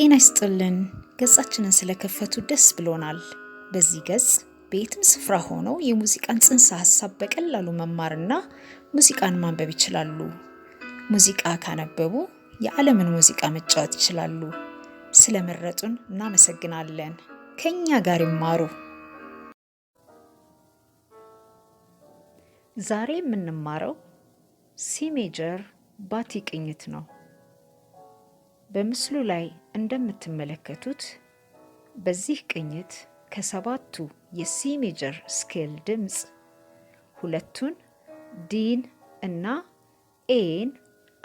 ጤና ይስጥልን። ገጻችንን ስለከፈቱ ደስ ብሎናል። በዚህ ገጽ በየትም ስፍራ ሆነው የሙዚቃን ጽንሰ ሀሳብ በቀላሉ መማርና ሙዚቃን ማንበብ ይችላሉ። ሙዚቃ ካነበቡ የዓለምን ሙዚቃ መጫወት ይችላሉ። ስለመረጡን እናመሰግናለን። ከኛ ጋር ይማሩ። ዛሬ የምንማረው ሲ ሜጀር ባቲ ቅኝት ነው። በምስሉ ላይ እንደምትመለከቱት በዚህ ቅኝት ከሰባቱ የሲ ሜጀር ስኬል ድምፅ ሁለቱን ዲን እና ኤን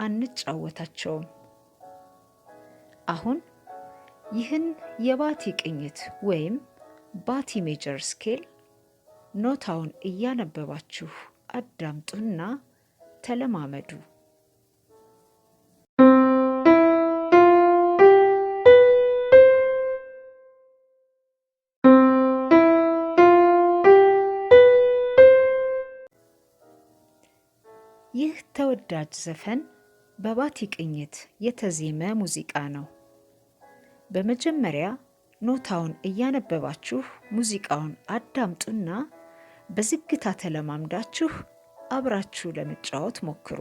አንጫወታቸውም። አሁን ይህን የባቲ ቅኝት ወይም ባቲ ሜጀር ስኬል ኖታውን እያነበባችሁ አዳምጡና ተለማመዱ። ይህ ተወዳጅ ዘፈን በባቲ ቅኝት የተዜመ ሙዚቃ ነው። በመጀመሪያ ኖታውን እያነበባችሁ ሙዚቃውን አዳምጡና በዝግታ ተለማምዳችሁ አብራችሁ ለመጫወት ሞክሩ።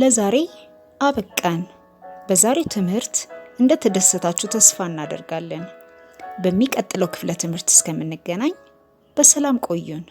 ለዛሬ አበቃን። በዛሬው ትምህርት እንደተደሰታችሁ ተስፋ እናደርጋለን። በሚቀጥለው ክፍለ ትምህርት እስከምንገናኝ በሰላም ቆዩን።